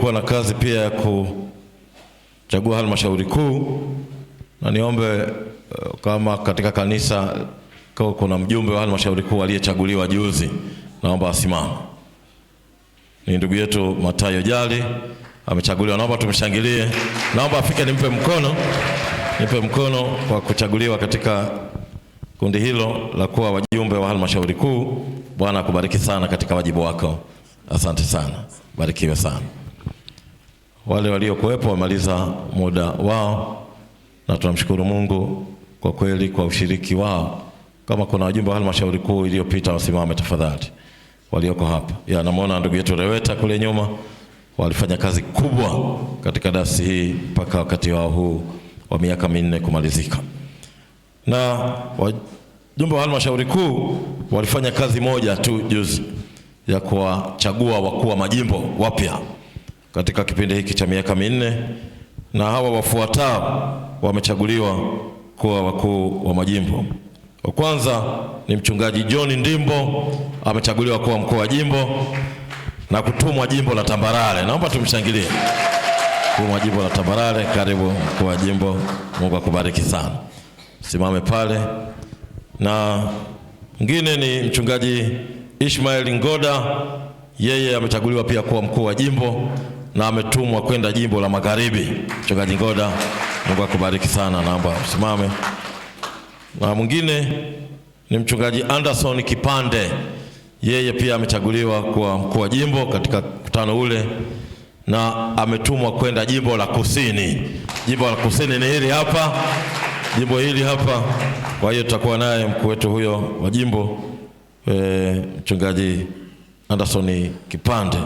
Kuwa na kazi pia ya kuchagua halmashauri kuu, na niombe eh, kama katika kanisa kwa kuna mjumbe wa halmashauri kuu aliyechaguliwa juzi, naomba asimame. Ni ndugu yetu Matayo Jali amechaguliwa, naomba tumshangilie, naomba afike nimpe mkono, nimpe mkono kwa kuchaguliwa katika kundi hilo la kuwa wajumbe wa halmashauri kuu. Bwana akubariki sana katika wajibu wako. Asante sana, barikiwe sana. Wale waliokuwepo wamaliza muda wao, na tunamshukuru Mungu kwa kweli kwa ushiriki wao. Kama kuna wajumbe wa halmashauri kuu iliyopita wasimame tafadhali, walioko hapa. Ya, namuona ndugu yetu Leweta kule nyuma, walifanya kazi kubwa katika dasi hii mpaka wakati wao huu wa miaka minne kumalizika na Jumbe wa halmashauri kuu walifanya kazi moja tu juzi ya kuwachagua wakuu wa majimbo wapya katika kipindi hiki cha miaka minne, na hawa wafuatao wamechaguliwa kuwa wakuu wa majimbo. Wa kwanza ni mchungaji John Ndimbo, amechaguliwa kuwa mkuu wa jimbo na kutumwa jimbo la Tambarare. Naomba tumshangilie wa jimbo la Tambarare. Karibu mkuu wa jimbo, Mungu akubariki sana. Simame pale na mwingine ni mchungaji Ishmael Ngoda, yeye amechaguliwa pia kuwa mkuu wa jimbo na ametumwa kwenda jimbo la Magharibi. Mchungaji Ngoda, Mungu akubariki sana, naomba usimame. Na mwingine ni mchungaji Anderson Kipande, yeye pia amechaguliwa kuwa mkuu wa jimbo katika mkutano ule na ametumwa kwenda jimbo la Kusini. Jimbo la Kusini ni hili hapa jimbo hili hapa. Kwa hiyo tutakuwa naye mkuu wetu huyo wa jimbo e, mchungaji Anderson Kipande,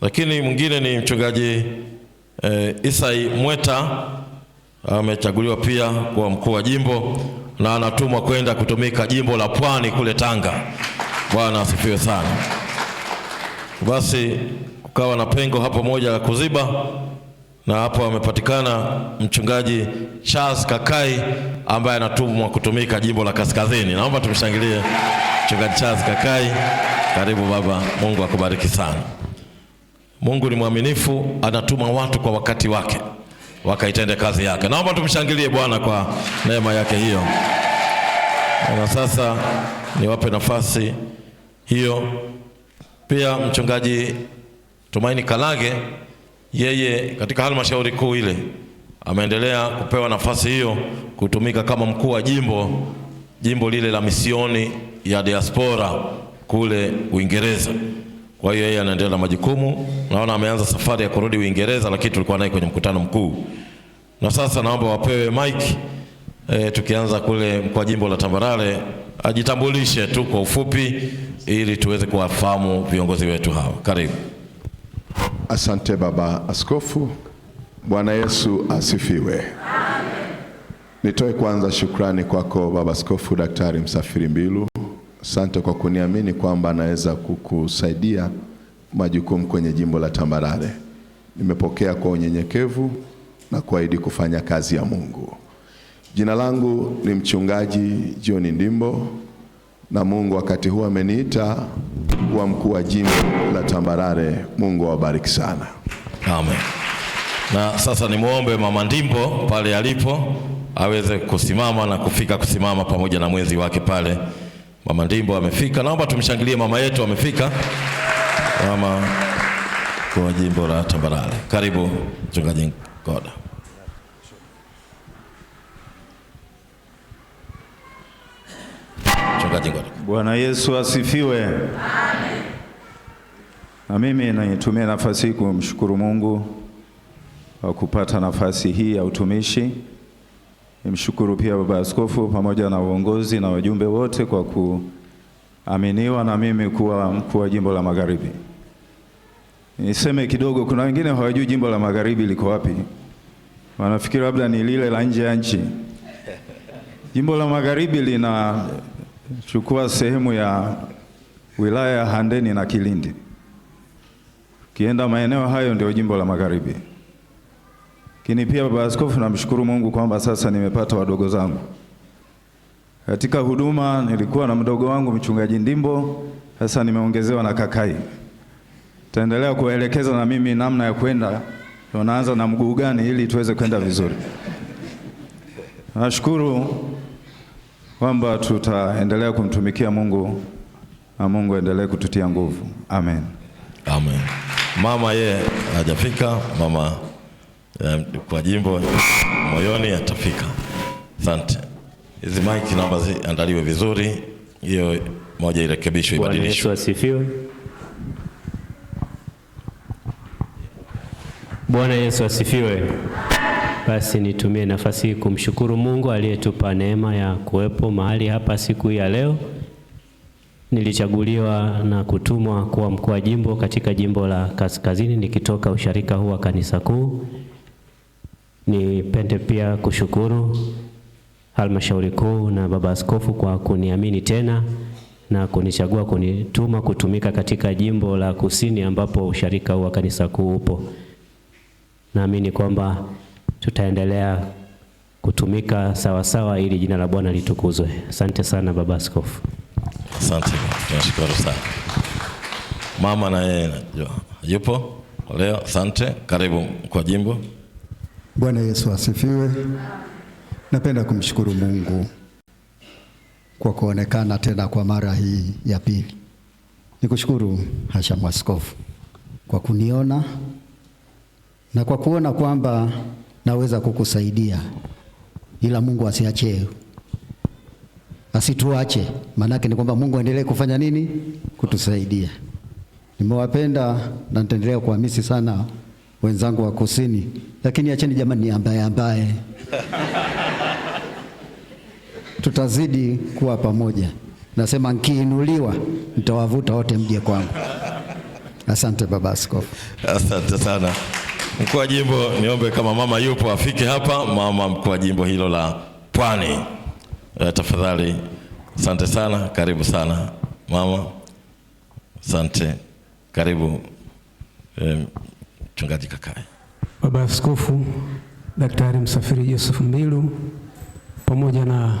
lakini mwingine ni mchungaji e, Isai Mweta amechaguliwa pia kuwa mkuu wa jimbo na anatumwa kwenda kutumika jimbo la Pwani kule Tanga. Bwana asifiwe sana. Basi kukawa na pengo hapo moja la kuziba na hapo amepatikana mchungaji Charles Kakai ambaye anatumwa kutumika jimbo la Kaskazini. Naomba tumshangilie mchungaji Charles Kakai. Karibu baba, Mungu akubariki sana. Mungu ni mwaminifu, anatuma watu kwa wakati wake wakaitende kazi yake. Naomba tumshangilie Bwana kwa neema yake hiyo. Na sasa niwape nafasi hiyo pia mchungaji Tumaini Kalage yeye katika halmashauri kuu ile ameendelea kupewa nafasi hiyo kutumika kama mkuu wa jimbo jimbo lile la misioni ya diaspora kule Uingereza. Kwa hiyo yeye anaendelea na majukumu, naona ameanza safari ya kurudi Uingereza, lakini tulikuwa naye kwenye mkutano mkuu, na sasa naomba wapewe mike e, eh, tukianza kule kwa jimbo la Tambarare, ajitambulishe tu kwa ufupi ili tuweze kuwafahamu viongozi wetu hawa. Karibu. Asante baba askofu. Bwana Yesu asifiwe. Amen. Nitoe kwanza shukrani kwako baba askofu Daktari Msafiri Mbilu, asante kwa kuniamini kwamba naweza kukusaidia majukumu kwenye jimbo la Tambarare. Nimepokea kwa unyenyekevu na kuahidi kufanya kazi ya Mungu. Jina langu ni mchungaji John Ndimbo na Mungu wakati huu ameniita kuwa mkuu wa jimbo la Tambarare. Mungu awabariki sana. Amen. Na sasa nimwombe Mama Ndimbo pale alipo aweze kusimama na kufika kusimama pamoja na mwenzi wake pale. Mama Ndimbo amefika, naomba tumshangilie mama yetu amefika, mama kwa jimbo la Tambarare. Karibu mchungaji Ngoda. Bwana Yesu asifiwe. Na mimi nitumie nafasi hii kumshukuru Mungu kwa kupata nafasi hii ya utumishi. Nimshukuru pia Baba Askofu pamoja na uongozi na wajumbe wote kwa kuaminiwa na mimi kuwa mkuu wa jimbo la Magharibi. Niseme kidogo, kuna wengine hawajui jimbo la Magharibi liko wapi, wanafikiri labda ni lile la nje ya nchi. Jimbo la Magharibi linachukua sehemu ya wilaya ya Handeni na Kilindi kienda maeneo hayo ndio jimbo la Magharibi. Lakini pia baba askofu, namshukuru Mungu kwamba sasa nimepata wadogo zangu katika huduma. Nilikuwa na mdogo wangu mchungaji Ndimbo, sasa nimeongezewa na Kakai. Taendelea kuwaelekeza na mimi namna ya kwenda, tunaanza na mguu gani ili tuweze kwenda vizuri. Nashukuru kwamba tutaendelea kumtumikia Mungu na Mungu aendelee kututia nguvu. Amen. Amen. Mama ye hajafika, mama um, kwa jimbo moyoni atafika. Asante. Hizi mic namba ziandaliwe vizuri, hiyo moja irekebishwe, ibadilishwe. Yesu asifiwe. Bwana Yesu asifiwe. Basi nitumie nafasi hii kumshukuru Mungu aliyetupa neema ya kuwepo mahali hapa siku hii ya leo. Nilichaguliwa na kutumwa kuwa mkuu wa jimbo katika jimbo la Kaskazini nikitoka usharika huu wa kanisa kuu. Nipende pia kushukuru halmashauri kuu na baba askofu kwa kuniamini tena na kunichagua kunituma kutumika katika jimbo la Kusini ambapo usharika huu wa kanisa kuu upo. Naamini kwamba tutaendelea kutumika sawasawa sawa ili jina la Bwana litukuzwe. Asante sana baba askofu. Asante, tunashukuru sana. Mama na yeye yupo leo. Asante, karibu kwa jimbo. Bwana Yesu asifiwe. Napenda kumshukuru Mungu kwa kuonekana tena kwa mara hii ya pili. Nikushukuru Hashamu Askofu kwa kuniona na kwa kuona kwamba naweza kukusaidia, ila Mungu asiache asituache. Maanake ni kwamba Mungu aendelee kufanya nini? Kutusaidia. Nimewapenda na nitaendelea kuhamisi sana wenzangu wa kusini, lakini acheni jamani, ni ambaye ambaye tutazidi kuwa pamoja. Nasema nkiinuliwa nitawavuta wote mje kwangu. Asante baba askofu, asante sana. Mkuu wa jimbo, niombe kama mama yupo afike hapa, mama mkuu wa jimbo hilo la Pwani. Uh, tafadhali, asante sana, karibu sana mama. Asante, karibu eh, mchungaji um, Kakae. Baba Askofu Daktari Msafiri Joseph Mbilu pamoja na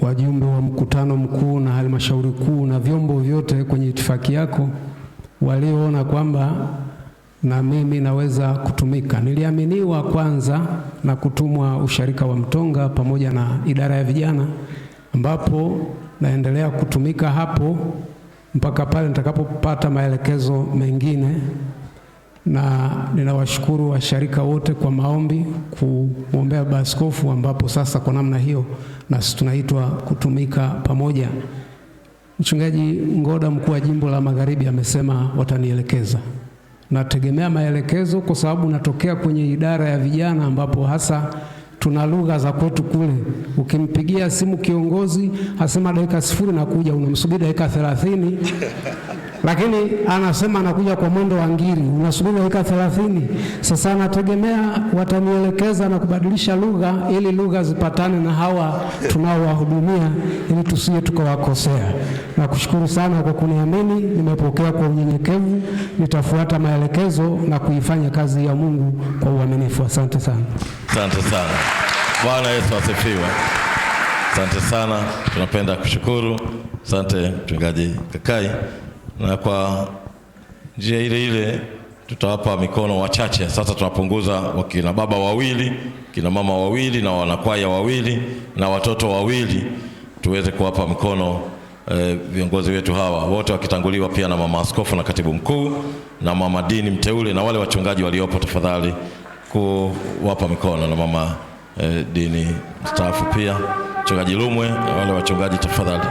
wajumbe wa mkutano mkuu na halmashauri kuu na vyombo vyote kwenye itifaki yako walioona kwamba na mimi naweza kutumika. Niliaminiwa kwanza na kutumwa usharika wa Mtonga pamoja na idara ya vijana, ambapo naendelea kutumika hapo mpaka pale nitakapopata maelekezo mengine, na ninawashukuru washarika wote kwa maombi kumwombea Baba Askofu, ambapo sasa kwa namna hiyo nasi tunaitwa kutumika pamoja. Mchungaji Ngoda, mkuu wa jimbo la Magharibi, amesema watanielekeza nategemea maelekezo, kwa sababu natokea kwenye idara ya vijana ambapo hasa tuna lugha za kwetu kule. Ukimpigia simu kiongozi asema dakika sifuri nakuja, unamsubiri dakika thelathini lakini anasema anakuja kwa mwendo wa ngiri, unasubiri dakika thelathini. Sasa anategemea watanielekeza na kubadilisha lugha ili lugha zipatane na hawa tunaowahudumia ili tusije tukawakosea. Nakushukuru sana kwa kuniamini, nimepokea kwa unyenyekevu, nitafuata maelekezo na kuifanya kazi ya Mungu kwa uaminifu. Asante sana, asante sana. Bwana Yesu asifiwe. Asante sana, tunapenda kushukuru. Asante mchungaji Kakai na kwa njia ile ile tutawapa mikono wachache. Sasa tunapunguza wakina baba wawili, kina mama wawili, na wanakwaya wawili na watoto wawili, tuweze kuwapa mikono eh, viongozi wetu hawa wote wakitanguliwa pia na mama askofu na katibu mkuu na mama dini mteule na wale wachungaji waliopo, tafadhali kuwapa mikono na mama eh, dini mstaafu pia mchungaji Lumwe na wale wachungaji tafadhali.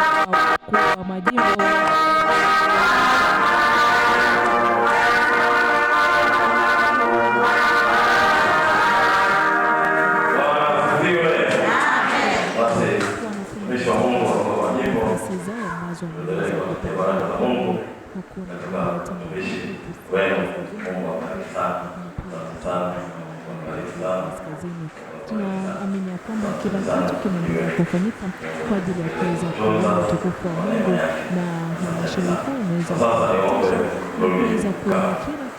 wakuu wa majimbo Mungu Kaskazini. Tunaamini ya kwamba kila kitu kinaendelea kufanyika kwa ajili ya kuweza kuona utukufu wa Mungu na halmashauri kuu imeweza kuweza kuona kila